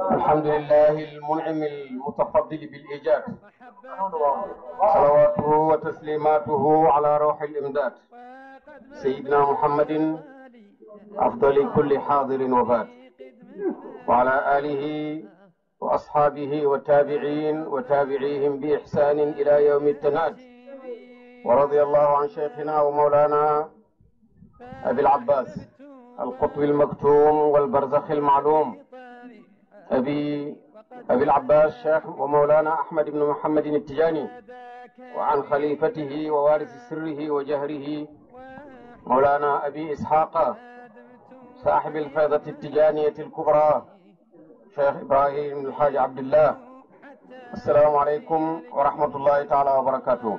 الحمد لله المنعم المتفضل بالإيجاد صلواته وتسليماته على روح الإمداد سيدنا محمد أفضل كل حاضر وفات وعلى آله وأصحابه والتابعين وتابعيهم بإحسان إلى يوم التناد ورضي الله عن شيخنا ومولانا أبي العباس القطب المكتوم والبرزخ المعلوم أبي أبي العباس شيخ ومولانا أحمد بن محمد التجاني وعن خليفته ووارث سره وجهره مولانا أبي إسحاق صاحب الفيضة التجانية الكبرى شيخ إبراهيم الحاج عبد الله السلام عليكم ورحمة الله تعالى وبركاته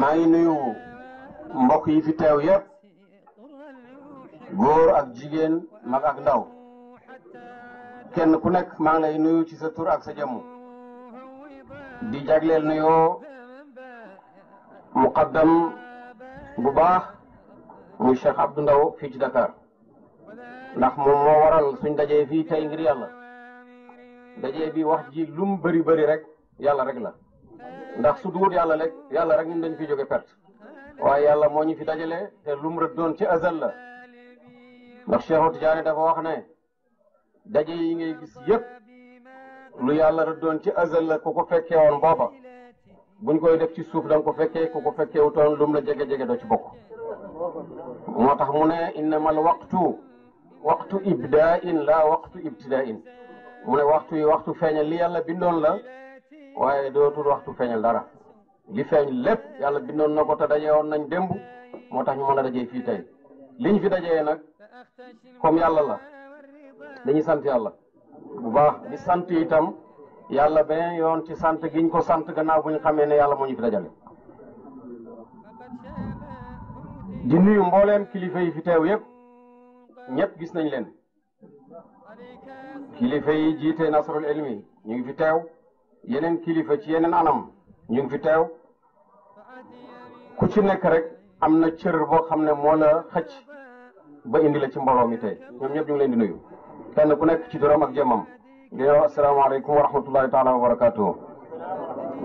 maa ngi nuyu mbokk yi غور teew yépp góor kenn ku nekk maa ngi lay nuyu ci sa tur ak sa jëmm di jagleel nuyoo muqaddam bu baax muy Cheikh Abdou Ndaw fii ci Dakar ndax moom moo waral suñ dajee fii tey ngir yàlla dajee bi wax ji lum bëri bari rek yàlla rek la ndax su dugut yàlla rek yàlla rek ñun dañ fi jóge perte waaye yàlla moo ñu fi dajale te lum doon ci azal la ndax Cheikh Tidiane dafa wax ne daje yi ngay gis yëpp lu yàlla doon ci azal la ko ko fekkee woon booba buñ koy def ci suuf da ko fekkee ku ko fekkee wutoon lum la jege-jege doo ci bokk moo tax mu ne innamal waqtu waqtu ibdain la waqtu ibtidain mu ne waxtu yi waxtu feeñal li yàlla bindoon la waaye dootul waxtu feeñal dara li feeñ lépp yàlla bindoon na ko te daje woon nañ demb moo tax ñu mën a dajee fii tey liñ fi dajee nag comme yàlla la dañuy sant yàlla bu baax di sant itam yàlla beneen yoon ci sant giñ ko sant gannaaw bu ñu xamee ne yàlla moo ñu fi dajale di nuyu mbooleem kilifa yi fi teew yëpp ñëpp gis nañ leen kilifa yi jiite nasrul ilmi ñu ngi fi teew yeneen kilifa ci yeneen anam ñu ngi fi teew ku ci nekk rek am na cër boo xam ne moo la xëcc ba indi la ci mbooloo mi tey ñoom ñëpp ñu leen di nuyu kenn ku nekk ci turam ak jëmmam di wax asalaamaaleykum wa rahmatullahi taala wa barakaatu.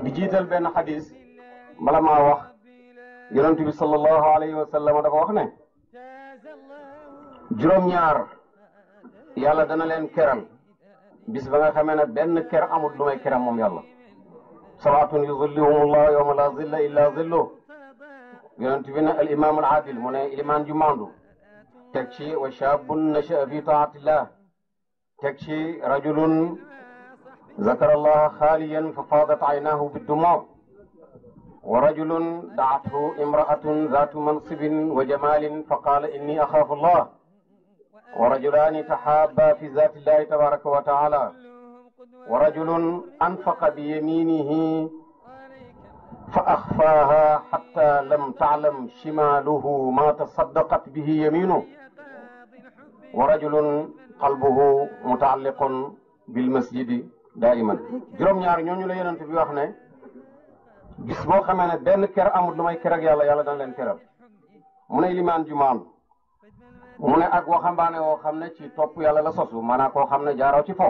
di jiital benn xadis bala maa wax yonent bi sallallahu alayhi wa sallam dafa wax ne juróom-ñaar yàlla dana leen keral bis ba nga xamee ne benn ker amul lu may keram moom yàlla sabaatun yuzillihumullah yawma la zilla illa zillu yonent bi ne al imam al adil mu ne ilimaan ju maandu teg ci wa shaabun nasha fi taatillah teg ci rajulun zakarallah xaaliyan fa faadat aynaahu biddumoob wa rajulun daathu imraatun zaatu mansibin wa jamaalin fa qaala inni axaafu allah wa rajulaani taxaabaa fi zaati illahi tabaraka wa taala wa rajulun anfaqa biyaminihi fa axfaaha xatta lam taclam shimaaluhu ma tasaddaqat bihi yaminuhu wa rajulun qalbuhu mutaalliqun bil masjidi daiman juróom-ñaar ñooñu la yonent bi wax ne bis boo xamee ne benn ker amul lu may ker yàlla yàlla dana leen keral mu ne limaan ju maandu mu ne ak waxambaane woo xam ne ci topp yàlla la sosu maanaam koo xam ne jaaroo ci fo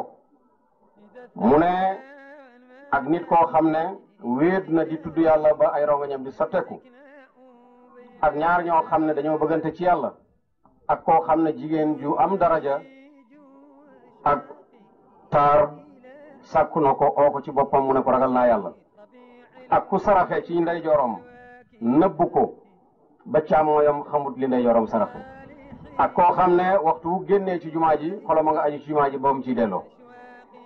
mu ne ak nit koo xam ne wéet na di tudd yàlla ba ay rongañam di sotteeku ak ñaar ñoo xam ne dañoo bëggante ci yàlla ak koo xam ne jigéen ju am daraja ak taar sàkku na ko oo ko ci boppam mu ne ko ragal naa yàlla ak ku saraxe ci ndey jorom ko ba càmmooyam xamut li ndey jorom saraxe ak koo xam ne waxtu wu génnee ci jumaa ji xolam a nga aju ci jumaa ji ba mu ciy delloo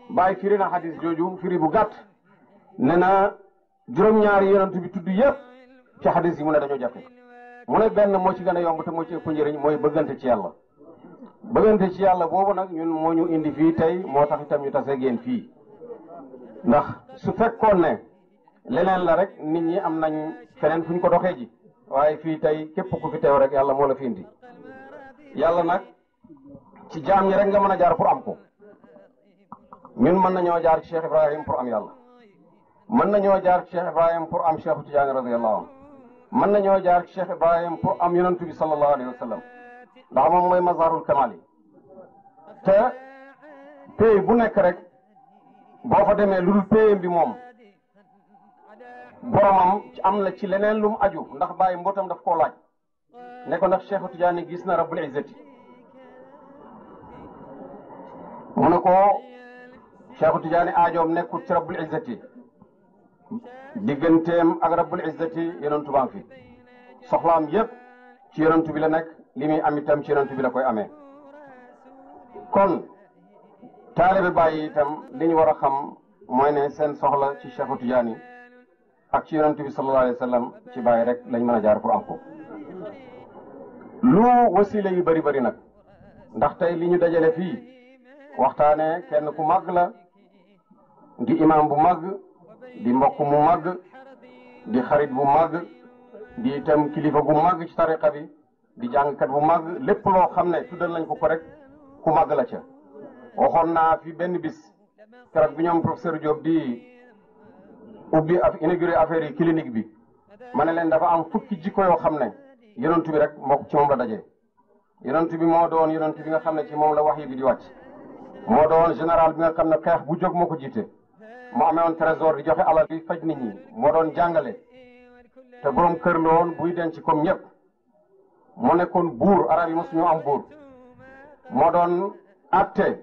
bàyyi firi na xadis jooju firi bu gàtt ne na juróom-ñaari yonent bi tudd yëpp ci xadis yi mu ne dañoo jafe mu ne benn moo ci gën a yomb te moo ci ëpp njëriñ mooy bëggante ci yàlla bëggante ci yàlla boobu nag ñun moo ñu indi fii tey moo tax itam ñu tase géen fii ndax su fekkoon ne leneen la rek nit ñi am nañ feneen fu ñu ko doxee ji waaye fii tey képp ku fi teew rek yàlla moo la fi indi yàlla nag ci jaam ñi rek nga mën a jaar pour am ko ñun mën nañoo jaar ci Cheikh Ibrahim pour am yàlla mën nañoo jaar ci Cheikh Ibrahim pour am Cheikh Tidiane radiyallahu anhu mën nañoo jaar ci Cheikh Ibrahim pour am yonantu bi sallallahu alayhi wa ndax moom mooy mazharul kamal yi te pays bu nekk rek boo fa demee lu dul pays bi moom boromam am na ci leneen lu mu aju ndax bàyyi mbootam daf koo laaj nekkoon ko ndax Cheikh Tidiane gis na rabbul izzati mu ne ko Cheikh aajoom nekkul ci rabbul izzati digganteem ak rabbul izzati yonentu fi soxlaam yépp ci yonentu bi la nekk li muy am itam ci yonent bi la koy amee kon taalibe bàyyi itam li ñu war a xam mooy ne seen soxla ci Cheikh Tidiane ak ci yonent bi sallallahu alayhi ci bàyyi rek lañ mën a jaar pour am ko lu wasila yu bëri bëri nag ndax tey li ñu dajale fii waxtaane kenn ku màgg la di imam bu màgg di mbokk mu màgg di xarit bu màgg di itam kilifa gu màgg ci tariqa bi di jàngkat bu mag lépp loo xam ne tuddal nañ ko ko rek ku mag la ca waxoon naa fi benn bis keroog bi ñoom professeur Diop di ubbi af inauguré affaire yi clinique bi ma ne leen dafa am fukki jikko yoo xam ne yonent bi rek moo ci moom la daje yonent bi moo doon yonent bi nga xam ne ci moom la wax yi bi di wàcc moo doon général bi nga xam ne xeex bu jóg moo ko jiite mu amee woon trésor di joxe alal bi faj nit ñi moo doon jàngale te borom kër la woon buy denc ñëpp mu nekkoon buur arab yi ma su ñu am buur moo doon atte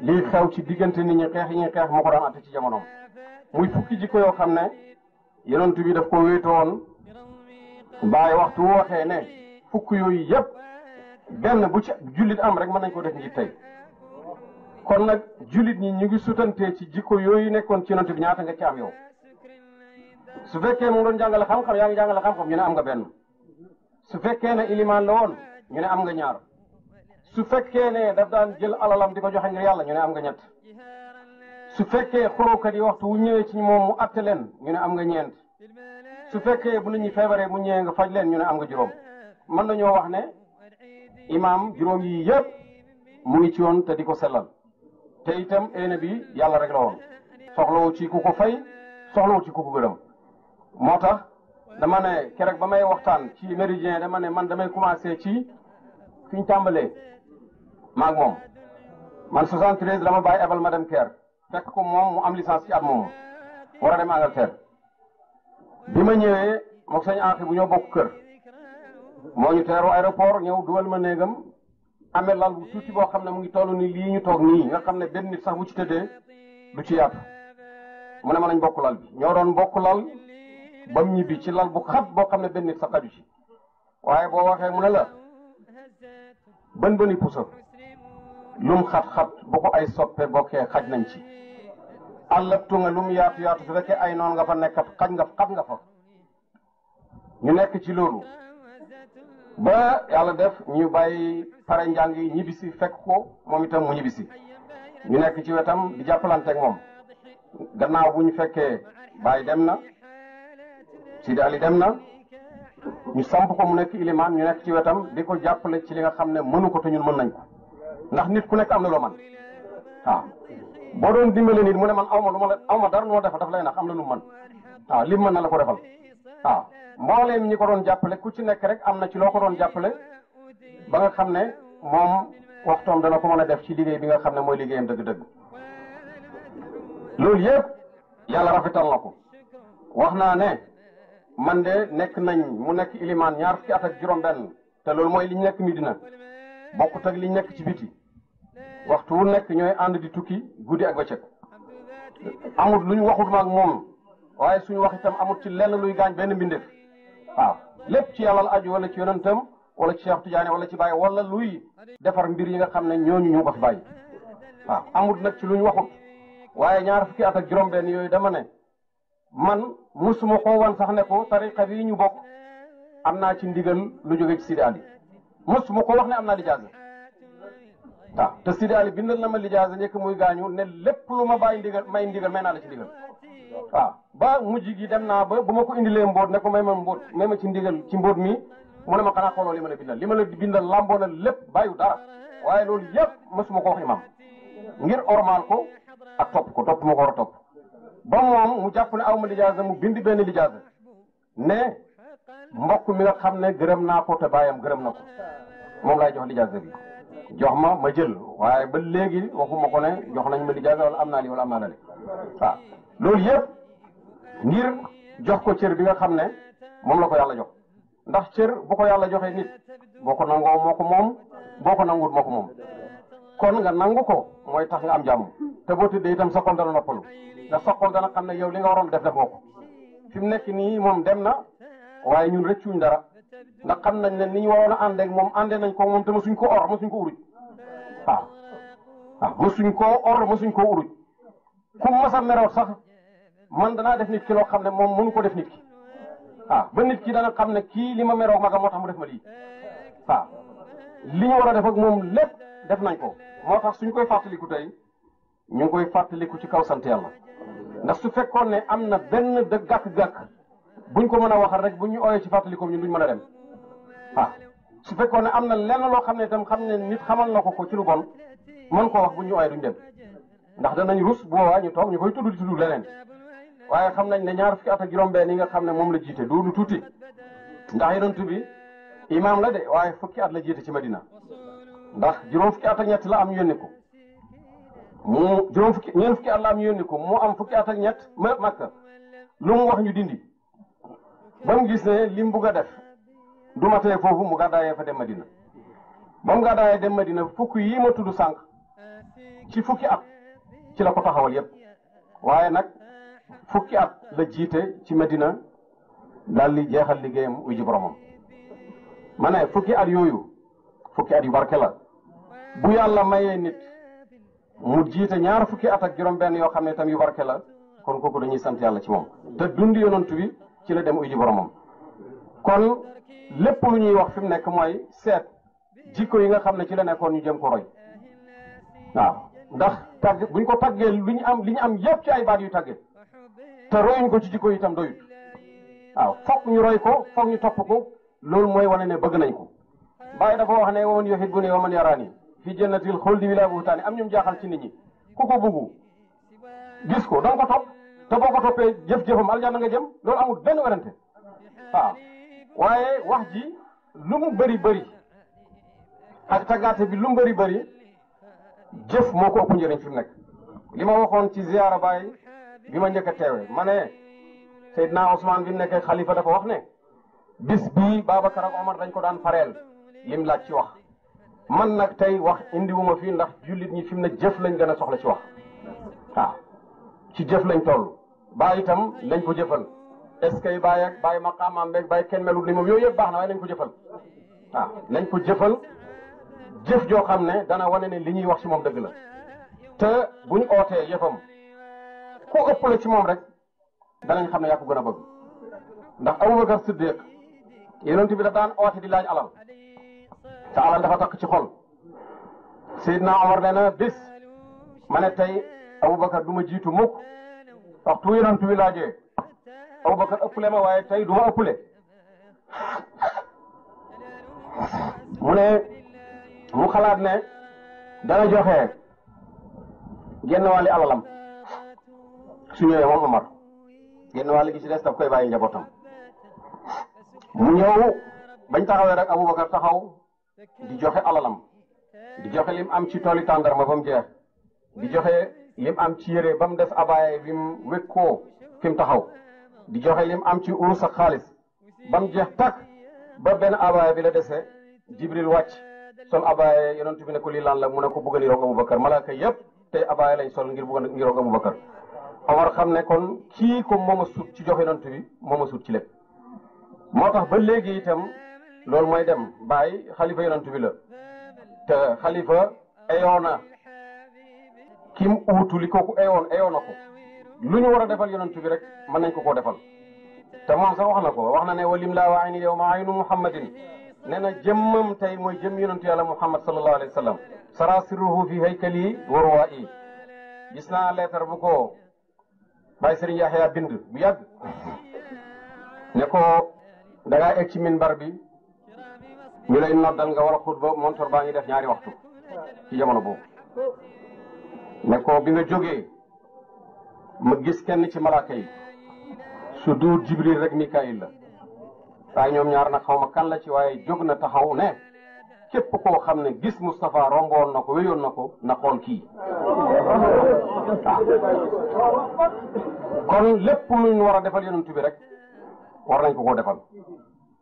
lii xew ci diggante nit ñi xeex yi xeex moo ko daan atte ci jamonoom muy fukki jikko yoo xam ne yonent bi daf ko wéetoon bàyyi waxtu waxee ne fukk yooyu yëpp benn bu ci jullit am rek mën nañ ko def njiit tey kon nag jullit ñi ñu ngi sutantee ci jikko yooyu nekkoon ci yonent bi ñaata nga caam am yow su fekkee mu ngi doon jàngale xam-xam yaa ngi jàngale xam-xam ñu ne am nga benn su fekkee ne ilimaan la woon ñu ne am nga ñaar su fekkee ne daf daan jël alalam di ko joxe ngir yàlla ñu ne am nga ñett su fekkee xurookat yi waxtu wu ñëwee ci moom mu atte leen ñu ne am nga ñeent su fekkee bu nit ñi feebaree mu ñëwee nga faj leen ñu ne am nga juróom mën nañoo wax ne imaam juróom yi yëpp mu ngi ci woon te di ko sellal te itam éene bi yàlla rek la woon soxlawu ci ku ko fay soxlawu ci ku ko moo tax dama ne keroog ba may waxtaan ci méridien dama ne man damay commencé ci fi ñu tàmbalee maag moom man 73 bàyyi abal ma dem Caire fekk ko moom mu am licence ci at moomu war a dem Angleterre bi ma ñëwee moo sëñ Aaxi bu ñoo bokk kër moo ñu teeru aéroport ñëw duwal ma néegam amee lal bu tuuti boo xam ne mu ngi toll ni lii ñu toog nii nga xam ne benn nit sax bu ci tëddee du ci yaatu mu ne ma nañ bokk lal bi ñoo doon bokk lal ba mu ñibbi ci lal bu xat boo xam ne benn nit sa xaju ci waaye boo waxee mu ne la bën bëni pusam lum xat-xat bu ko ay soppee bokkee xaj nañ ci àllab tunga lum yaatu yaatu su fekkee ay noon nga fa nekk xaj nga xat nga fa ñu nekk ci loolu ba yàlla def ñu bàyyi pare njàng yi ñibbisi fekk ko moom itam mu ñibbisi ñu nekk ci wetam di jàppalanteeg moom gannaaw bu ñu fekkee bàyyi dem na Sidi Ali dem na ñu samp ko mu nekk ilimaan ñu nekk ci wetam di ko jàppale ci li nga xam ne mënu ko te ñun mën nañ ko ndax nit ku nekk am na loo man waaw boo doon dimbale nit mu ne man aw lu ma la aw ma dara lu defal daf lay nax am na lu man waaw lim mën na la ko defal waaw mbooleem ñi ko doon jàppale ku ci nekk rek am na ci loo ko doon jàppale ba nga xam ne moom waxtoom dana ko man a def ci liggéey bi nga xam ne mooy liggéeyam dëgg-dëgg loolu yëpp yàlla rafetal ko man de nekk nañ mu nekk ilimaan ñaar fukki at ak juróom-benn te loolu mooy li ñu nekk Medina bokkut ak li ñu nekk ci biti waxtu wu nekk ñooy ànd di tukki guddi ak bëccëg amut lu ñu waxut maag moom waaye suñu wax itam amut ci lenn luy gaañ benn mbindeef waaw lépp ci yàlla la aju wala ci yonentam wala ci Cheikh Tidiane wala ci Baye wala luy defar mbir yi nga xam ne ñooñu ñu ko fi bàyyi amut nag ci lu ñu waxut waaye ñaar fukki at ak juróom-benn yooyu dama ne. man musuma ko wan sax ne ko tariqa bi ñu bokk am naa ci ndigal lu jóge ci Sidi Ali musuma ko wax ne am naa lijaasa waaw te Sidi Ali bindal na ma lijaasa njëkk muy gaañu ne lépp lu ma bàyyi ndigal may ndigal may naa la ci ndigal waaw ba mujj gi dem naa ba bu ma ko indilee mbóot ne ko may ma mbóot may ma ci ndigal ci mbóot mi mu ne ma xanaa xooloo li ma la bindal li ma la bindal làmboo na lépp bàyyu dara waaye loolu yëpp musuma ko wax imam ngir ormaal ko ak topp ko topp ma ko a topp ba moom mu jàpp ne aw ma lijaasa mu bind benn lijaasa ne mbokk mi nga xam ne gërëm naa ko te baayam gërëm na ko moom laay jox lijaasa bi jox ma ma jël waaye ba léegi waxuma ko ne jox nañ ma lijaasa wala am naa lii wala am naa la lii waaw loolu yëpp ngir jox ko cër bi nga xam ne moom la ko yàlla jox ndax cër boo ko yàlla joxee nit boo ko nangoo moo ko moom boo ko nanguut moo ko moom kon nga nangu ko mooy tax nga am jàmm te boo tëddee tam sa xol dana noppalu ndax sa xol dana xam ne yow li nga waroon def def nga fi mu nekk nii moom dem na waaye ñun rëccuñ dara ndax xam nañ ne ni ñu waroon a ànd moom àndee nañ ko moom te mosuñ ko or suñ ko uruj waaw suñ mosuñ koo or mosuñ koo uruj ku masa meroot sax man danaa def nit ki loo xam ne moom mënu ko def nit ki waaw ba nit ki dana xam ne kii li ma meroo maga moo tax mu def ma lii waaw li ñu war a def ak moom lépp def nañ ko moo tax suñ koy fàttaliku tey ñu ngi koy fàttaliku ci kaw sant yàlla ndax su fekkoon ne am na benn dëgg gàkk-gàkk buñ ko mën a waxal rek buñ ñu ooyee ci fàttalikoom ñun duñ mën a dem su fekkoon ne am na lenn loo xam ne itam xam ne nit xamal na ko ko ci lu bon mën koo wax buñ ñu ooyee duñ dem ndax danañ rus bu boobaa ñu toog ñu koy tudd di tudd leneen waaye xam nañ ne ñaar fukki at ak juróom-benn yi nga xam ne moom la jiite du lu tuuti ndax yonent bi imaam la de waaye fukki at la jiite ci Madina ndax juróom fukki at ak ñett la am yónni ko mu juróom fukki ñeent fukki at la am yónni ko mu am fukki at ak ñett ma Makka lu mu wax ñu dindi ba mu gis ne li mu bugg a def du ma foofu mu gàddaayee fa dem Madina ba mu gàddaayee dem Madina fukk yi ma tudd sànq ci fukki at ci la ko taxawal yépp waaye nag fukki at la jiite ci Madina daal di jeexal liggéeyam uji boromam ma ne fukki at yooyu fukki at yu barke la bu yàlla mayee nit mu jiite ñaar fukki at ak juróom-benn yoo xam ne itam yu barke la kon kooku dañuy sant yàlla ci moom te dund yonent bi ci la dem uy ji boromam kon lépp lu ñuy wax fi mu nekk mooy seet jikko yi nga xam ne ci la nekkoon ñu jëm ko roy waaw ndax tàgg buñ ko tàggee lu ñu am li ñu am yëpp ci ay baat yu tàggee te royuñ ko ci jikko yi tam doyut waaw fokk ñu roy ko fokk ñu topp ko loolu mooy wane ne bëgg nañ ko bàyyi dafa wax ne waman yuhibbuni waman yarani fi jannatil xuldi bila buhtaani am ñum jaaxal ci nit ñi ku ko buggu gis ko danga ko topp te boo ko toppee jëf nga jëm loolu waaye wax mu bëri bëri ak bi lu mu bëri jëf moo ko ëpp njëriñ fi mu nekk li ma waxoon ci ziyaara baay bi ma njëkk a teewe ma ne Seydina Ousmane bi mu nekkee xalifa dafa wax ne bis bii Babacar ak Omar dañ ko daan fareel lim laaj ci wax man nag tey wax indiwuma fii ndax jullit ñi fim mu jëf lañ gën a soxla ci wax waaw ci jëf lañ toll bàyyi itam lañ ko jëfal est ce que bàyyi ak bàyyi maqaamaam baay bàyyi kenn melut ni moom yooyu yëpp baax na waaye nañ ko jëfal waaw nañ ko jëfal jëf joo xam ne dana wane ne li ñuy wax ci moom dëgg la te buñ ootee yëfam ku ëppale ci moom rek danañ xam ne yaa ko gën a bëgg ndax Abubakar Siddiq yonent bi daf daan oote di laañ alal te alal dafa takk ci xol Seydina Omar nee na bis ma ne tey Aboubacar du ma jiitu mukk waxtu yonent bi laajee Aboubacar ëppale ma waaye tey du ma ëppale mu ne mu xalaat ne dana joxe genn wàlli alalam su ñëwee moom genn wàll gi ci des daf koy bàyyi njabootam mu ñëw bañ taxawee rek Aboubacar taxaw di joxe alalam di joxe lim am ci tooli tàndarma ba mu jeex di joxe lim am ci yére ba mu des abaaye bi mu wékkoo fi mu taxaw di joxe lim am ci urus ak xaalis ba mu jeex tàkk ba benn abaaye bi la dese jibril wàcc sol abaaye yonent bi ne ko lii lan la mu ne ko bëgg a niroog Abubakar malaaka yépp tey abaaye lañ sol ngir bëgg a niroog Abubakar Omar xam ne kon kii ko moom a sut ci joxe yonent moom a sut ci lépp moo tax ba léegi itam loolu mooy dem bàyyi xalifa yonent bi la te xalifa eyoona kim uutu li eyoona ko lu ñu war a defal yonent bi rek mën nañ ko koo defal te moom sax wax na ko wax na ne walim laa wa ayni yawma aynu muhammadin nee na jëmmam tey mooy jëm yonentu yàlla muhammad sallallahu alayhi wa sallam sara sirruhu fi haykali wa gis naa leetar bu ko Baye Serigne Yaxya bind bu yàgg ne ko da ngaa egg ci minbar bi ñu lay noddal nga war a xutba montor baa ngi def ñaari waxtu ci jamono boobu ne ko bi nga jógee ma gis kenn ci malaaka yi su jibril rek mikaayil la waaye ñoom ñaar na xaw ma kan la ci waaye jóg na taxaw ne képp koo xam ne gis Moustapha romboon na ko wéyoon na ko na xool kii kon lépp luñ war a defal yonent bi rek war nañ ko koo defal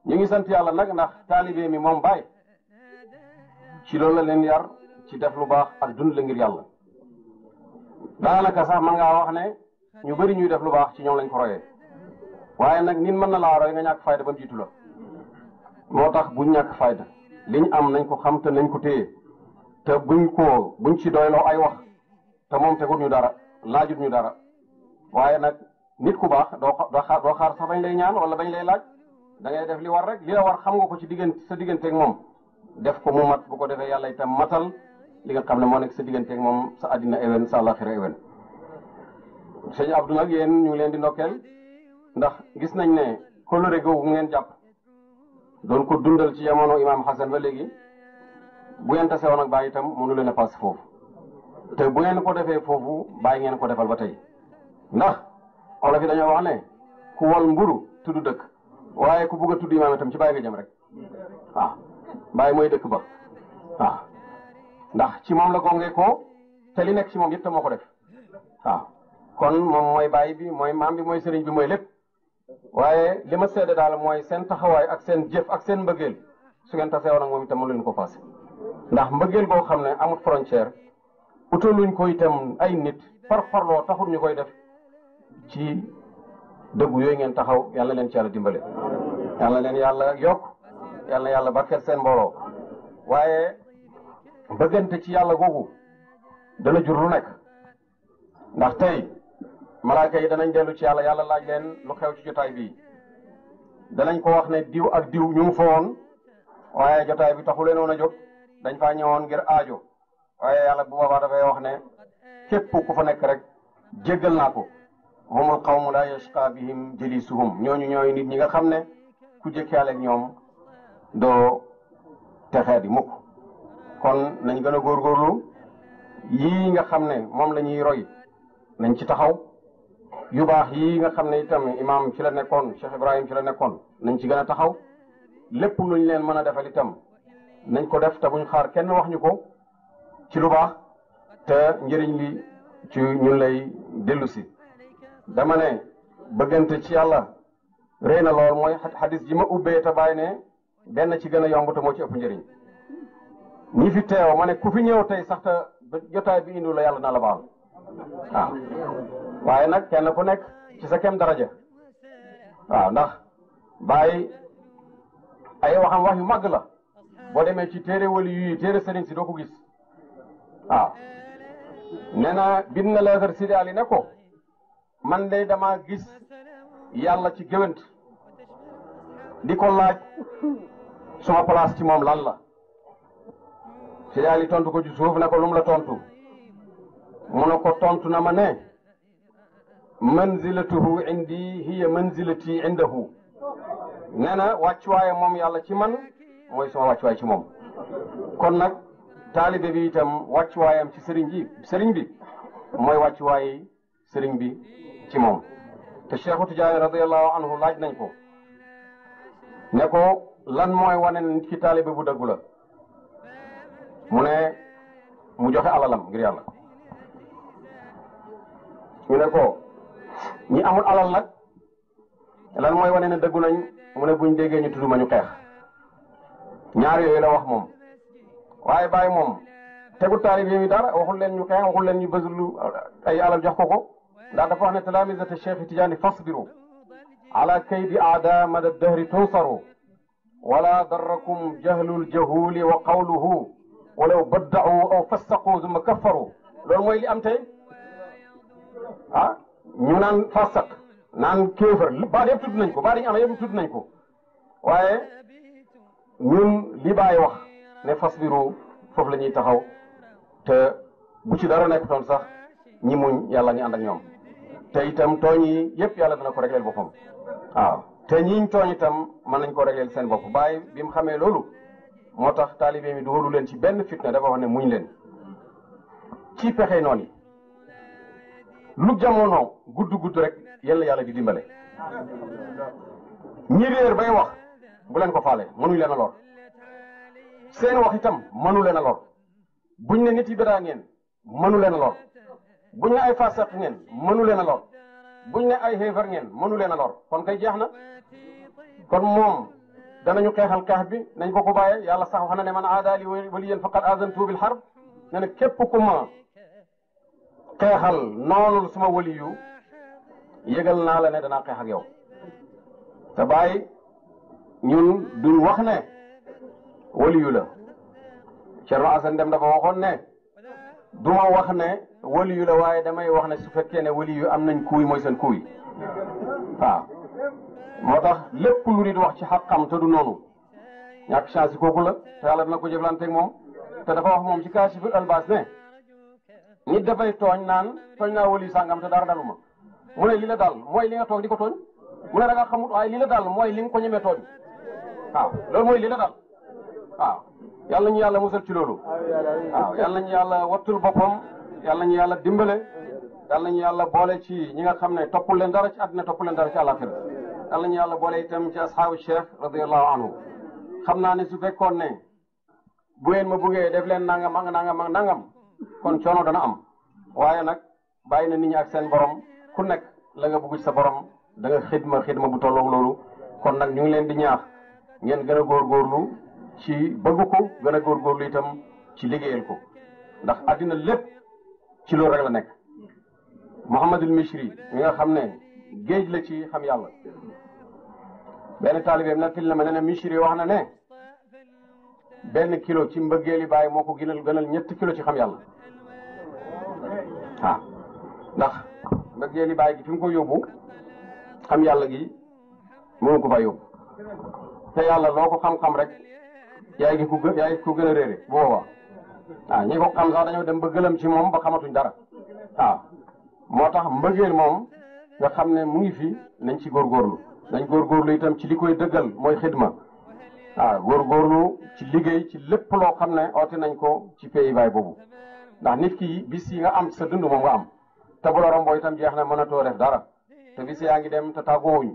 ñu ngi sant yàlla nag ndax taalibe mi moom Baye ci loolu la leen yar ci def lu baax ak dund la ngir yàlla daanaka sax man ngaa wax ne ñu bari ñuy def lu baax ci ñoom lañ ko royee waaye nag nit mën na laa roy nga ñàkk fayda ba mu jiitu la moo tax buñ ñàkk fayda liñ am nañ ko xam te nañ ko te buñ ko buñ ci doyloo ay wax te moom tegut dara laajut ñu dara waaye nag ku baax doo doo xaar sax bañ lay ñaan wala bañ lay laaj da ngay def li war rek li la war xam nga ko ci diggante sa digganteeg moom def ko mu mat bu ko defee yàlla itam matal li nga xam ne moo nekk sa digganteeg moom sa àddina ewen sa àllaaxira ewen sëñ Abdou nag yéen ñu ngi leen di ndokkeel ndax gis nañ ne coloré googu ngeen jàpp doon ko dundal ci jamono imaam Xasan ba léegi bu ngeen tase woon ak bàyyi itam mënu leen a pass foofu te bu ngeen ko defee foofu bàyyi ngeen ko defal ba tey ndax olof yi dañoo wax ne ku wol mburu tudd dëkk waaye ku bugg a tudd imaam itam ci bàyyi nga jëm rek waaw bàyyi mooy dëkk ba waaw ndax ci moom la gongee ko te li nekk ci moom yëpp te moo ko def kon moom mooy bàyyi bi mooy maam bi mooy sëriñ bi mooy lépp waaye li ma seede daal mooy seen taxawaay ak seen jëf ak seen mbëggeel su ngeen tasee woon ak moom itam leen ko passé ndax mbëggeel boo xam ne amut frontière utaluñ ko itam ay nit par parloo taxul ñu koy def ci dëggu yooyu ngeen taxaw yàlla leen ci yàlla dimbale yàlla leen yàlla yokk yàlla yàlla barkeel seen mbooloo waaye bëggante ci yàlla googu dana jur lu nekk ndax tey malaaka yi danañ dellu ci yàlla yàlla laaj leen lu xew ci jotaay bii danañ ko wax ne diw ak diw ñu ngi fa waaye jotaay bi taxu leen woon a jóg dañ faa ñëwoon ngir aajo waaye yàlla bu boobaa dafay wax ne képp ku fa nekk rek jéggal naa ko humul qawmu la yashqa bihim jalisuhum ñooñu ñooy nit ñi nga xam ne ku jëkkaale ak ñoom doo texee di mukk kon nañ gën a góorgóorlu yii nga xam ne moom la ñuy roy nañ ci taxaw yu baax yii nga xam ne itam imaam ci la nekkoon Cheikh Ibrahim ci la nekkoon nañ ci gën a taxaw lépp luñ leen mën a defal itam nañ ko def te xaar kenn wax ñu ko ci lu baax te njëriñ li ci ñu lay dellusi dama ne bëggante ci yàlla rëy na lool mooy xadis ji ma ubbee te bàyyi ne benn ci gën a yomb te moo ci ëpp njëriñ ñi fi teew ma ne ku fi ñëw tey sax te jotaay bi indi la yàlla na la waaye nag kenn ku nekk ci sa kem daraja waaw ndax bàyyi ay waxam wax yu mag la boo demee ci téere wali yuyi téere sëriñ si doo ko gis waaw nee na bind na leetar Sidi Ali ne ko man de dama gis yàlla ci géwént di ko laaj suma place ci moom lan la Seydi Ali tontu ko ci suuf ne ko lum la tontu mu ne ko tontu na ma ne manzilatuhu indi hiya manzilati indahu nee na wàccuwaaye moom yàlla ci man mooy suma wàccuwaay ci moom kon nag taalibe bi itam wàccuwaayam ci sëriñ bi sëriñ bi mooy wàccuwaay sëriñ bi ci moom te Cheikhu Tijaani radiyallahu anhu laaj nañ ko ne lan mooy wane nit ki taalibe bu dëggu mu ne mu joxe alalam ngir yàlla ñu ko ñi amul alal nag lan mooy wane ne dëggu nañ mu ne buñ déggee ñu tudd ma ñu xeex ñaar yooyu la wax moom waaye bàyyi moom tegu taalibe yi dara waxul leen ñu xeex waxul leen ñu bësul ay alal jox ko ko ndax dafa wax ne talaamisata cheikh tijaani fasbiru ala kaydi aada mada dahri tunsaru wala darrakum jahlul jahuli wa qawluhu walaw badda'u aw fassaqu zuma kaffaru loolu mooy li am tey ah ñu naan fassaq naan kéefër baat yëpp tudd nañ ko baat yi ñu amee yëpp tudd nañ ko waaye ñun li bàyyi wax ne fasbiru foofu la ñuy taxaw te bu ci dara nekk toon sax ñi muñ yàlla ñu ànd ak ñoom te itam tooñ yi yépp yalla dana ko régleel bopam waaw te ñiñ tooñ itam man nañ ko régleel seen bop baay bi mu xamee loolu moo tax mi duwalu ci benn fitna dafa wax ne muñ len ci pexé noni lu jamono gudd gudd rek yalla yalla di dimbalé ñi réer bay wax bu len ko faalé mënuñ len lor seen wax itam mënu len lor buñ ne nit yi bidaa ngeen mënu lor bu ñu ay faasiq ngeen mënu leen a lor bu ñu ay xeefar ngeen mënu leen a lor kon kay jeex na kon moom danañu xeexal xeex bi nañ ko ko bàyyee yàlla sax wax na ne man aadaali waliyan faqad aazantuhu bil harb ne ne képp ku ma xeexal noonul suma waliyu yëgal naa la ne naa xeex ak yow te bàyyi ñun duñ wax ne waliyu la Cerno Asan Dem dafa waxoon ne du ma wax ne wali yu la waaye damay wax ne su fekkee ne wali yu am nañ kuuy mooy seen kuuy waaw moo tax lépp lu nit wax ci xaqam te du noonu ñàkk chance yi kooku la te yàlla dina ko jëflanteeg moom te dafa wax moom ci kaasiful albaas ne nit dafay tooñ naan tooñ naa wali sàngam te dara daluma mu ne li la daal mooy li nga toog di ko tooñ mu ne da xamut waaye li la daal mooy li nga ko ñemee tooñ waaw loolu mooy li la daal waaw yàlla ñu yàlla musal ci loolu waaw yàlla ñu yàlla wattul boppam yàlla ñu yàlla dimbale yàlla ñu yàlla boole ci ñi nga xam ne toppul leen dara ci àddina toppul leen dara ci àllaaxira yàlla ñu yàlla boole itam ci ashaabu cheikh radiallahu anhu xam naa ne su fekkoon ne bu ngeen ma buggee def leen nangam ak nangam ak nangam kon coono dana am waaye nag bàyyi na nit ñi ak seen borom ku nekk la nga bugg ci sa borom da nga xidma xidma bu tolloog loolu kon nag ñu ngi leen di ñaax ngeen ci bëgg ko gën a góorgóorlu itam ci liggéeyal ko ndax àddina lépp ci loolu rek la nekk Mouhamadul Mishri mi nga xam ne géej la ci xam yàlla benn taalibeem nettil na ma ne ne wax na ne benn kilo ci yi bàyyi moo ko gënal gënal ñetti kilo ci xam yàlla waaw ndax mbëggeeli bàyyi gi fi ko yóbbu xam yàlla gi mënu ko fa yóbbu te yàlla loo ko xam-xam rek yaay gi ku gë yaay gi ku gën a ñi ko xam sax dañoo dem ba gëlëm ci moom ba xamatuñ dara waaw ah, moo tax mbëggeel nga xam ne mu ngi fi nañ ci góorgóorlu nañ góorgóorlu itam ci li koy dëggal mooy xidma waaw ah, góorgóorlu ci liggéey ci lépp loo xam ne oote nañ ko ci pays baay boobu ndax nit ki bis yi nga am sa dund moom nga am te bu la romboo itam jeex na mënatoo def dara te bis yaa ngi dem te tàggoowuñ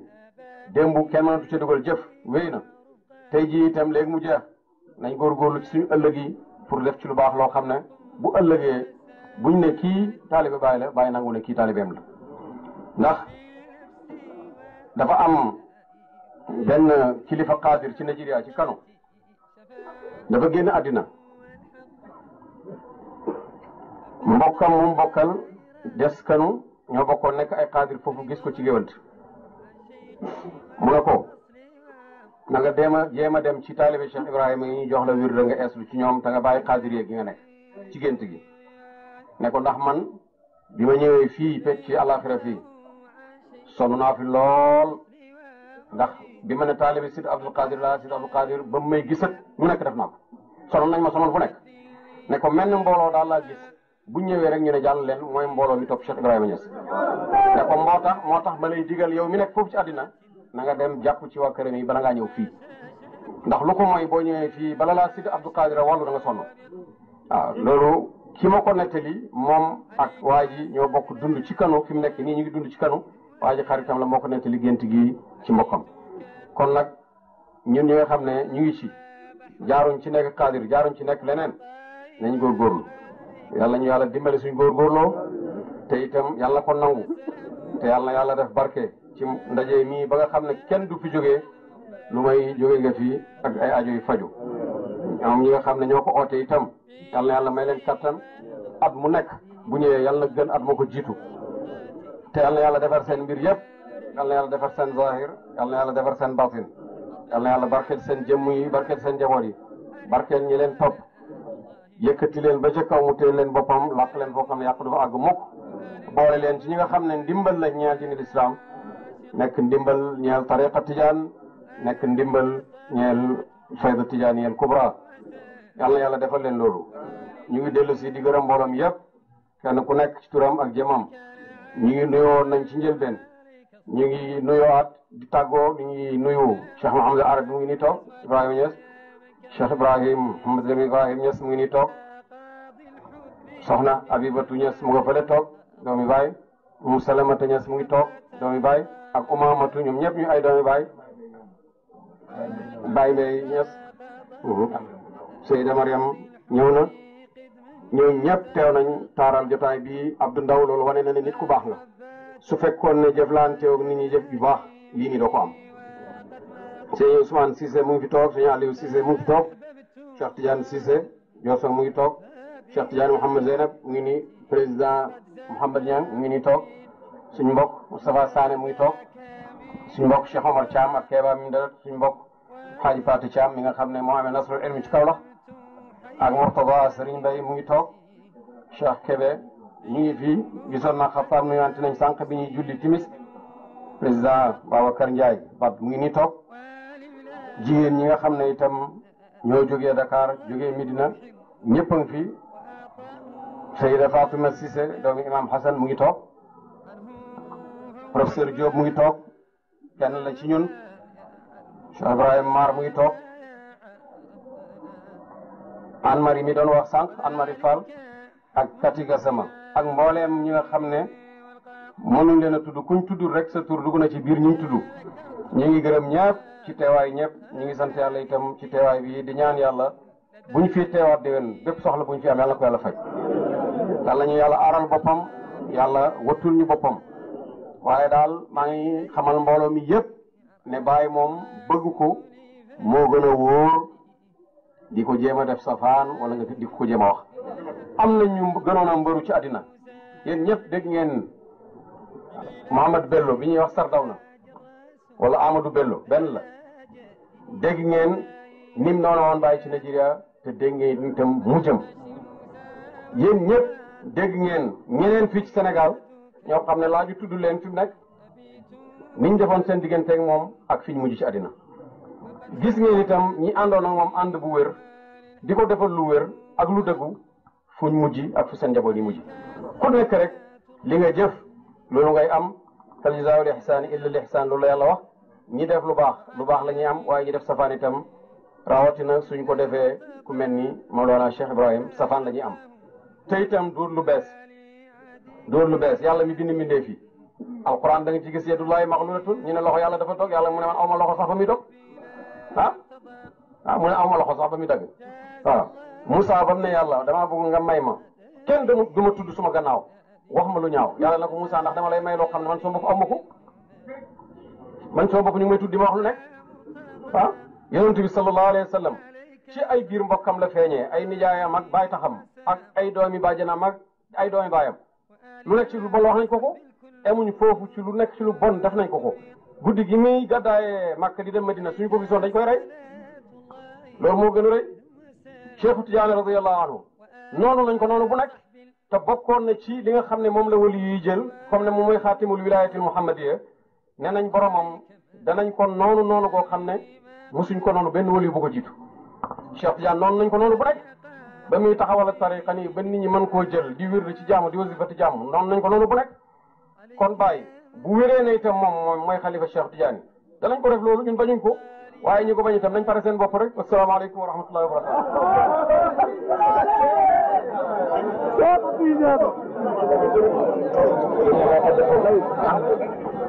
démb kenn mënatu ca dugal jëf wéy na tey itam léegi mu jeex nañ góorgóorlu ci suñu ëllëg yi pour def ci lu baax loo xam ne bu ëllëgee buñ ne kii taalibe Baay la Baay nangu taalibeem la ndax dafa am benn kilifa xaadir ci Nigeria ci Kano dafa génn àddina mbokkam mu mbokkal des Kano ñoo bokkoon nekk ay xaadir foofu gis ko ci géwant mu ne ko na nga dem jéem a dem ci taalibe Cheikh Ibrahima yi ñu jox la wirda nga es ci ñoom te nga bàyyi xaadiriye gi nga nekk ci gént gi ne ko ndax man bi ma ñëwee fii pecc ci àlaxira fii sonn naa fi lool ndax bi ma ne taalibe Sidi Abdul Qadir laa Sidi Abdul Qadir ba mu may gisat mu nekk def naa ko sonn nañ ma sonal fu nekk ne ko mel ni mbooloo daal laa gis bu ñëwee rek ñu ne jàll leen mooy mbooloo mi topp Cheikh Ibrahima Niass ne ko moo tax moo tax ba lay digal yow mi nekk foofu ci àddina nanga nga dem jàpp ci waa këram yi bala ngaa ñëw fii ndax lu ko mooy boo ñëwee fii bala laa Sidi Abdou Qadir wàllu da nga sonn waaw loolu ki ma ko nettali moom ak waa ji ñoo bokk dund ci kanu ki mu nekk nii ñu ngi dund ci kanu waa ji xaritam la moo ko nettali gént gi ci mbokkam kon nag ñun ñi nga xam ne ñu ngi ci jaaruñ ci nekk Qadir jaaruñ ci nekk leneen nañ góorgóorlu yàlla ñu yàlla dimbali suñ góorgóorloo te itam yàlla ko nangu te yàlla yàlla def barke ci ndaje mii ba nga xam ne kenn du fi jógee lu may jóge nga fi ay aajo yu faju ñoom ñi nga xam ne ñoo ko oote itam yal na yàlla may leen kattan at mu nekk bu ñëwee yal na gën at moo ko jiitu te yal na yàlla defar seen mbir yëpp yal na yàlla defar seen zahir yal na yàlla defar seen batin yal na yàlla barkeel seen jëmm yi barkeel seen njaboot yi barkeel ñi leen topp yëkkati leen ba ca kaw mu téye leen boppam lakk leen foo xam ne yàq du fa àgg mukk boole leen ci nga xam ne ndimbal la ñeel nekk ndimbal ñeel tariqa tijaan nekk ndimbal ñeel fayda tijaan yeel kubra yàlla yàlla defal leen loolu ñu ngi dellu si di gërëm mbooloom yëpp kenn ku nekk ci turam ak jëmam ñu ngi nuyoo nañ ci njëlbeen ñu ngi nuyoowaat di tàggoo di ngi nuyu Cheikh Mouhamadou Arab mu ngi nii toog Ibrahima Niass Cheikh Ibrahim Mouhamed Ibrahim Niass mu ngi toog soxna Abibatu Niass mu nga toog doomi baay Moussa Lamata Niass mu ngi toog doomi baay ak Umaamatu ñoom ñëpp ñu ay doomi baay baay mbay ñes mhm. Seyda Mariam ñëw na ñoom ñëpp teew nañ taaral jotaay bi Abdou Ndaw loolu wane na ne nit ku baax na su fekkoon ne jëflante ak nit ñi jëf yu baax lii nii doo ko am sëñ Ousmane Cissé mu ngi fi toog sëñ Aliou Cissé mu ngi fi toog Cheikh Tidiane Cissé Joso mu ngi toog Cheikh Tidiane Mouhamed Zeynab mu ngi ni président Mouhamed Niang mu ngi ni toog suñ mbokk Moustapha Sané muy toog suñ mbokk Cheikh Omar Thiam ak Kéba Mindalat suñ mbokk Xaaji Pate Thiam mi nga xam ne moo amee Nasrul Ilmi ci Kaolack ak Mourtada Serigne Mbaye mu ngi toog Cheikh Kébé ñu ngi fii gisoon naa xabaar nu wante nañ sànq bi ñuy julli timis président Babacar Ndiaye bat mu ngi nii toog jigéen ñi nga xam ne itam ñoo jógee Dakar jógee Medina ñëpp a ngi fi Seyda Fatouma Cissé doomu Imam Hassan mu ngi toog professeur Diop mu ngi toog kenn la ci ñun Cheikh Ibrahima Mar mu ngi toog Anne Marie mi doon wax sànq Anne Marie Fall ak Katiga Sama ak mbooleem ñi nga xam ne mënuñ leen a tudd kuñ tudd rek sa tur dugg na ci biir ñu ngi tudd ñu ngi gërëm ñëpp ci teewaay ñëpp ñu ngi sant yàlla itam ci teewaay bi di ñaan yàlla buñ fi teewaat déwén bépp soxla buñ fi am yàlla na ko yàlla faj ñu yàlla aaral boppam yàlla wattul ñu boppam waaye daal maa ngi xamal mbooloo mi yëpp ne bàyyi moom bëgg ko moo gën a wóor di ko jéem a def safaan wala nga di ko jéem a wax. am na ñu gënoon mbëru ci àddina yéen ñëpp dégg ngeen Mohamed Bello bi ñuy wax Sardawna wala Amadou Bello benn la dégg ngeen nim noonu woon bàyyi ci Nigeria te dégg ngeen itam mujjam yéen ñëpp dégg ngeen ñeneen fii ci senegal ñoo xam ne laaju tudd leen fi mu nekk niñ defoon seen digganteeg moom ak fi ñu mujj ci addina gis ngeen itam ñi àndoon ak moom ànd bu wér di ko defal lu wér ak lu dëggu fu ñu mujj ak fu seen njaboot yi mujj ku nekk rek li nga jëf loolu ngay am fal jazaa'ul ihsaani illa al ihsaan loolu la yàlla wax ñi def lu baax lu baax la ñuy am waaye ñi def safaan itam rawatina suñ ko defee ku mel ni Mawlana Cheikh Ibrahim safaan la ñuy am te itam lu bees dóor lu bees yàlla mi bind mbindee fii alquran da nga ci gis yedullahi maxlulatun ñu ne loxo yàlla dafa toog yàlla mu ne man aw ma loxo sax ba mu sax ba muy dagg waaw Moussa ba mu ne yàlla damaa bëgg nga may ma kenn du ma tudd suma gannaaw wax ma lu ñaaw yàlla na ko Moussa ndax dama lay may loo xam ne man suma bopp aw ma ko man suma bopp ñu may tudd di ma wax lu nekk ah yonent bi sallallahu alayhi wa ci ay biir mbokkam la feeñee ay nijaayam ak baay taxam ak ay doomi bàjjanam ak ay doomi baayam lu nekk ci lu bon wax ko ko emuñu foofu ci lu nekk ci lu bon def nañ ko ko guddi gi muy gàddaayee Màkka di dem ma Madina suñu ko gisoon dañ koy rey loolu moo gën a rëy Cheikh Tidiane radiyallahu anhu noonu lañ ko noonu bu nekk te bokkoon na ci li nga xam ne moom la wali yuy jël comme ne moom mooy xaatimul wilaayatil muhammadiya ne nañ boromam danañ ko noonu noonu koo xam ne mosuñ ko noonu benn wali bu ko jiitu Cheikh Tidiane noonu nañ ko noonu bu nekk ba muy taxawal a tariqa nii ba nit ñi man koo jël di wirdu ci jàmm di wasifati jàmm noonu nañ ko noonu bu nekk kon bàyyi bu wéree na itam moom moom mooy xalifa Cheikh Tidiane danañ ko def loolu ñun bañuñ ko waaye ñu ko bañ itam nañ pare seen bopp rek asalaamaaleykum wa rahmatullahi wa barakatu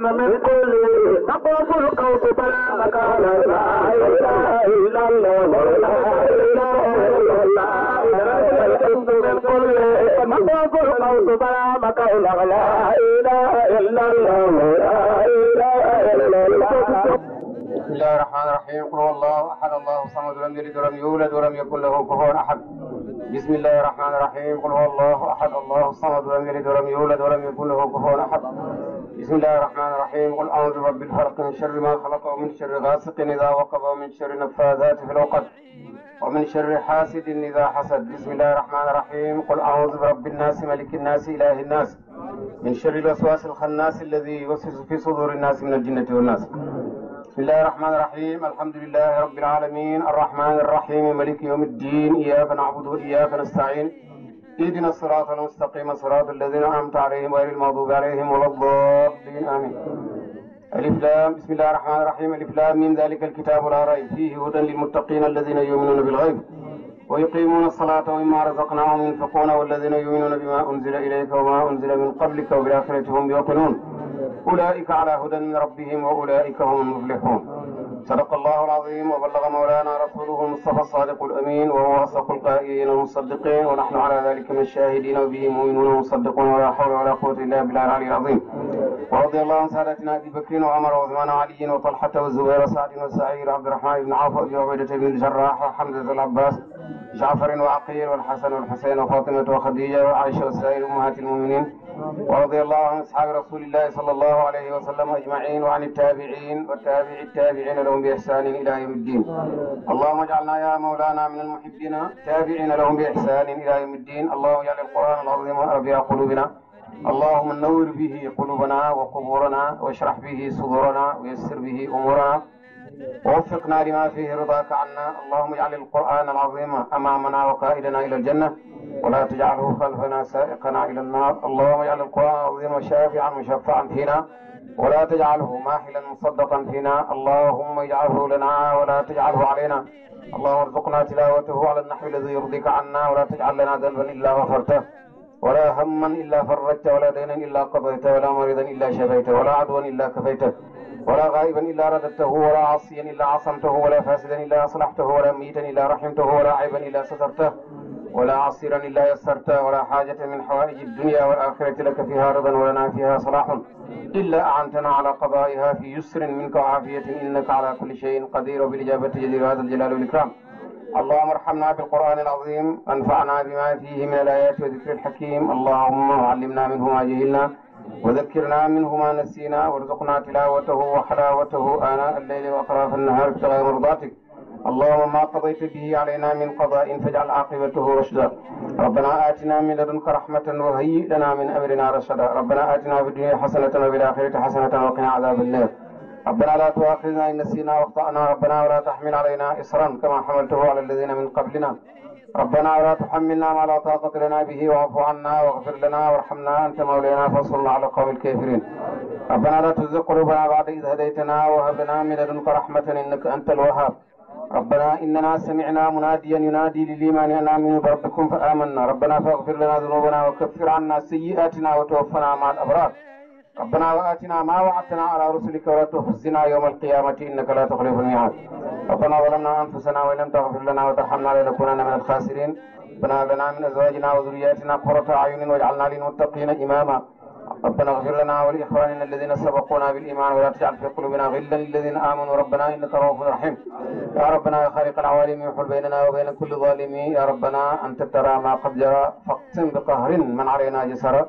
من كل القوس فلا مكان لا اله الا الله لا اله الا الله القوس فلا مكان لا اله الا الله لا اله الا الله بسم الله الرحمن الرحيم قل هو الله احد الله الصمد لم يلد ولم يولد ولم يكن له كفوا احد بسم الله الرحمن الرحيم قل هو الله احد الله الصمد لم يلد ولم يولد ولم يكن له كفوا احد بسم الله الرحمن الرحيم قل أعوذ برب الفلق من شر ما خلق ومن شر غاسق إذا وقب ومن شر نفاذات في العقد ومن شر حاسد إذا حسد بسم الله الرحمن الرحيم قل أعوذ برب الناس ملك الناس إله الناس من شر الوسواس الخناس الذي يوسوس في صدور الناس من الجنة والناس بسم الله الرحمن الرحيم الحمد لله رب العالمين الرحمن الرحيم ملك يوم الدين إياك نعبد وإياك نستعين اهدنا الصراط المستقيم صراط الذين أنعمت عليهم غير المغضوب عليهم ولا الضالين آمين ألف لام بسم الله الرحمن الرحيم ألف لام من ذلك الكتاب لا ريب فيه هدى للمتقين الذين يؤمنون بالغيب ويقيمون الصلاة ومما رزقناهم ينفقون والذين يؤمنون بما أنزل إليك وما أنزل من قبلك وبالآخرة هم يوقنون أولئك على هدى من ربهم وأولئك هم المفلحون صدق الله العظيم وبلغ مولانا رسوله المصطفى الصادق الأمين وهو أصدق القائلين المصدقين ونحن على ذلك من الشاهدين وبه مؤمنون ومصدقون ولا حول ولا قوة إلا بالله العلي العظيم ورضي الله عن سادتنا أبي بكر وعمر وعثمان وعلي وطلحة والزبير وسعد وسعيد وعبد الرحمن بن عوف وأبي عبيدة بن الجراح وحمزة العباس جعفر وعقيل والحسن والحسين وفاطمة وخديجة وعائشة وسائر أمهات المؤمنين ورضي الله عن أصحاب رسول الله صلى الله عليه وسلم أجمعين وعن التابعين والتابع التابعين لهم بإحسان إلى يوم الدين اللهم اجعلنا يا مولانا من المحبين تابعين لهم بإحسان إلى يوم الدين اللهم اجعل القرآن العظيم ربيع قلوبنا اللهم نور به قلوبنا وقبورنا واشرح به صدورنا ويسر به أمورنا ووفقنا لما فيه رضاك عنا اللهم اجعل القرآن العظيم أمامنا وقائدنا إلى الجنة ولا تجعله خلفنا سائقنا إلى النار اللهم اجعل القرآن العظيم شافعا مشفعا فينا ولا تجعله ماحلا مصدقا فينا اللهم اجعله لنا ولا تجعله علينا اللهم ارزقنا تلاوته على النحو الذي يرضيك عنا ولا تجعل لنا ذنبا إلا غفرته ولا هما إلا فرجته ولا دينا إلا قضيته ولا مريضا إلا شفيته ولا عدوا إلا كفيته ولا غائبا إلا رددته ولا عاصيا إلا عصمته ولا فاسدا إلا أصلحته ولا ميتا إلا رحمته ولا عيبا إلا سترته ولا عصيرا إلا يسرته ولا حاجة من حوائج الدنيا والآخرة لك فيها رضا ولنا نعم فيها صلاح إلا أعنتنا على قضائها في يسر منك وعافية إنك على كل شيء قدير وبالإجابة جدير هذا الجلال والإكرام اللهم ارحمنا بالقرآن العظيم انفعنا بما فيه من الآيات وذكر الحكيم اللهم علمنا منه ما جهلنا وذكرنا منه ما نسينا وارزقنا تلاوته وحلاوته آناء الليل وأطراف النهار ابتغاء مرضاتك اللهم ما قضيت به علينا من قضاء فاجعل عاقبته رشدا ربنا آتنا من لدنك رحمة وهيئ لنا من أمرنا رشدا ربنا آتنا في الدنيا حسنة وفي الآخرة حسنة وقنا عذاب النار ربنا لا تؤاخذنا إن نسينا واخطأنا ربنا ولا تحمل علينا إصرا كما حملته على الذين من قبلنا ربنا ولا تحملنا ما لا طاقة لنا به واعف عنا واغفر لنا وارحمنا أنت مولانا فانصرنا على القوم الكافرين ربنا لا تزغ قلوبنا بعد إذ هديتنا وهب لنا من لدنك رحمة إنك أنت الوهاب ربنا إننا سمعنا مناديا ينادي للإيمان أن آمنوا بربكم فآمنا ربنا فاغفر لنا ذنوبنا وكفر عنا سيئاتنا وتوفنا مع الأبرار ربنا وآتنا ما وعدتنا على رسلك ولا تخزنا يوم القيامة إنك لا تخلف الميعاد ربنا ظلمنا أنفسنا وإن لم تغفر لنا وترحمنا لنكونن من الخاسرين ربنا لنا من أزواجنا وذرياتنا قرة أعين واجعلنا للمتقين إماما ربنا اغفر لنا ولإخواننا الذين سبقونا بالإيمان ولا تجعل في قلوبنا غلا للذين آمنوا ربنا إنك رؤوف رحيم يا ربنا يا خالق العوالم يحل بيننا وبين كل ظالم يا ربنا أنت ترى ما قد جرى فاقسم بقهر من علينا جسرا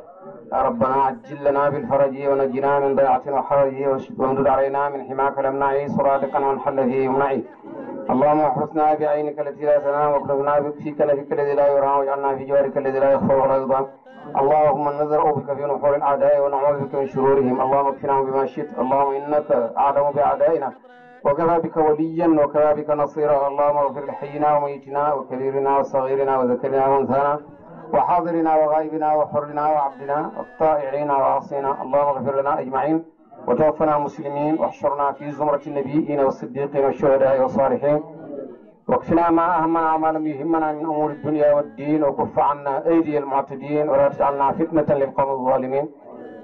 ربنا عجل لنا بالفرج ونجنا من ضيعة الحرج وامدد علينا من حماك لم نعي صرادقا من حل فيه منعي اللهم احرسنا بعينك التي لا تنام واكرمنا بكفيك نفيك الذي لا يرى واجعلنا في جوارك الذي لا يخفى ولا يضام اللهم نذر بك في نحور الاعداء ونعوذ بك من شرورهم اللهم اكفناهم بما شئت اللهم انك اعلم باعدائنا وكفى بك وليا وكفى بك نصيرا اللهم اغفر لحينا وميتنا وكبيرنا وصغيرنا وذكرنا وانثانا وحاضرنا وغائبنا وحرنا وعبدنا والطائعين وعاصينا اللهم اغفر لنا أجمعين وتوفنا مسلمين واحشرنا في زمرة النبيين والصديقين والشهداء والصالحين واكفنا ما أهمنا وما لم يهمنا من أمور الدنيا والدين وكف عنا أيدي المعتدين ولا تجعلنا فتنة للقوم الظالمين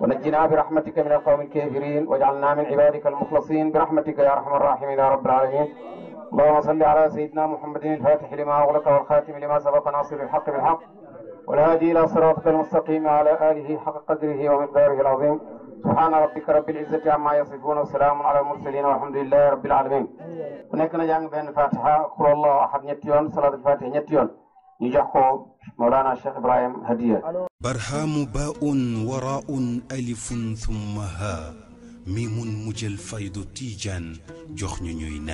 ونجنا برحمتك من القوم الكافرين واجعلنا من عبادك المخلصين برحمتك يا أرحم الراحمين يا رب العالمين اللهم صل على سيدنا محمد الفاتح لما أغلق والخاتم لما سبق ناصر الحق بالحق والهادي الى صراط المستقيم على اله حق قدره ومقداره العظيم سبحان ربك رب العزه عما يصفون وسلام على المرسلين والحمد لله رب العالمين هناك نجان بين فاتحه قل الله احد نتيون صلاه الفاتحه نتيون نجحكم مولانا الشيخ ابراهيم هديه برهام باء وراء الف ثم ها ميم مجل فيض تيجان جوخ نيوي